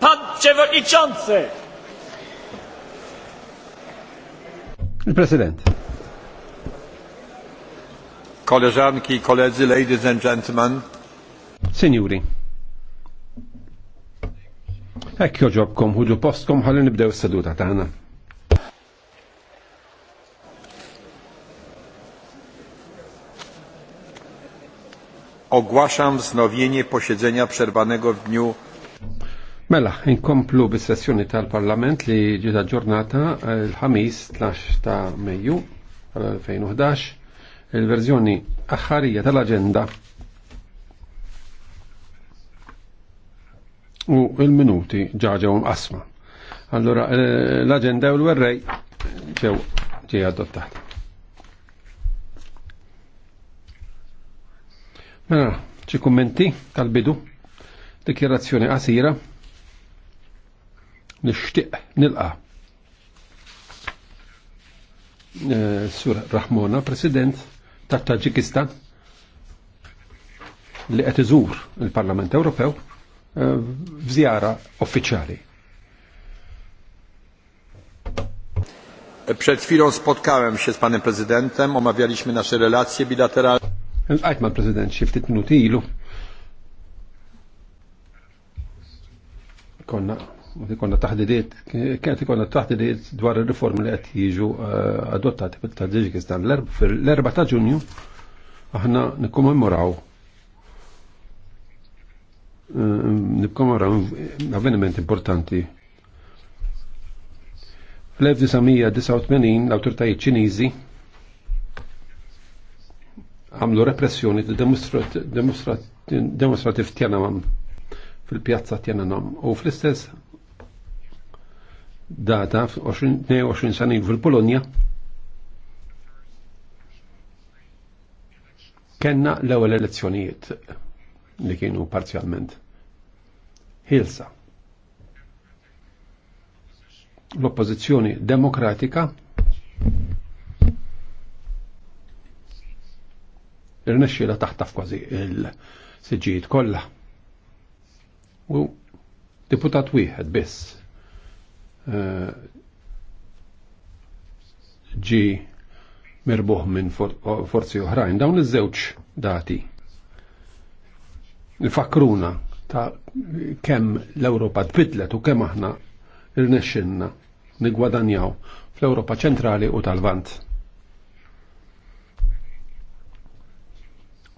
Pan Przewodniczący! Prezydent. Koleżanki koledzy, ladies and gentlemen. Signori. Ek joġobkom, huġu postkom, ħalli nibdew s-seduta tagħna. Ogłaszam wznowienie posiedzenia przerwanego w dniu Mela, inkomplu bis-sessjoni tal-Parlament li ġiet ġurnata eh, l-ħamis 12 ta' Mejju tal-2011 il-verżjoni aħħarija tal-aġenda u il-minuti ġaġaw asma. Allora, eh, l aġenda u l-werrej ġew ġej adottata. Mela, ċi kummenti tal-bidu, dikjerazzjoni qasira nishtiq nilqa. Eh, Sur Rahmona, president tat Taġikistan, li qed iżur il-Parlament Ewropew eh, f'żjara uffiċjali. Przed chwilą spotkałem się z panem prezydentem, omawialiśmy nasze relacje bilateralne. Għajt ma' prezydent się w ftit minuty ilu. Konna ikonna taħdidiet, kienet ikonna taħdidiet dwar il-riformi li qed jiġu eh, adottati tal-Taġikistan. L-4 ta' Ġunju aħna nikkomemoraw. nikkommemoraw eh, avveniment importanti. Fl-1989 l-awtoritajiet Ċiniżi għamlu repressjoni demonstrativ Tiananmen fil-pjazza Tiananmen u fl-istess data 22 sanin fil-Polonja kenna l-ewwel elezzjonijiet li kienu parzjalment Hilsa. L-oppożizzjoni demokratika irnexxiela taħtaf kważi il-siġijiet kollha. U deputat wieħed biss Eh, ġi merbuħ minn forzi oħrajn. Dawn iż-żewġ dati fakruna ta' kemm l-Ewropa tbidlet u kemm aħna rnexxinna nigwadanjaw fl-Ewropa ċentrali u tal-Vant.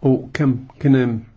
U kemm kien hemm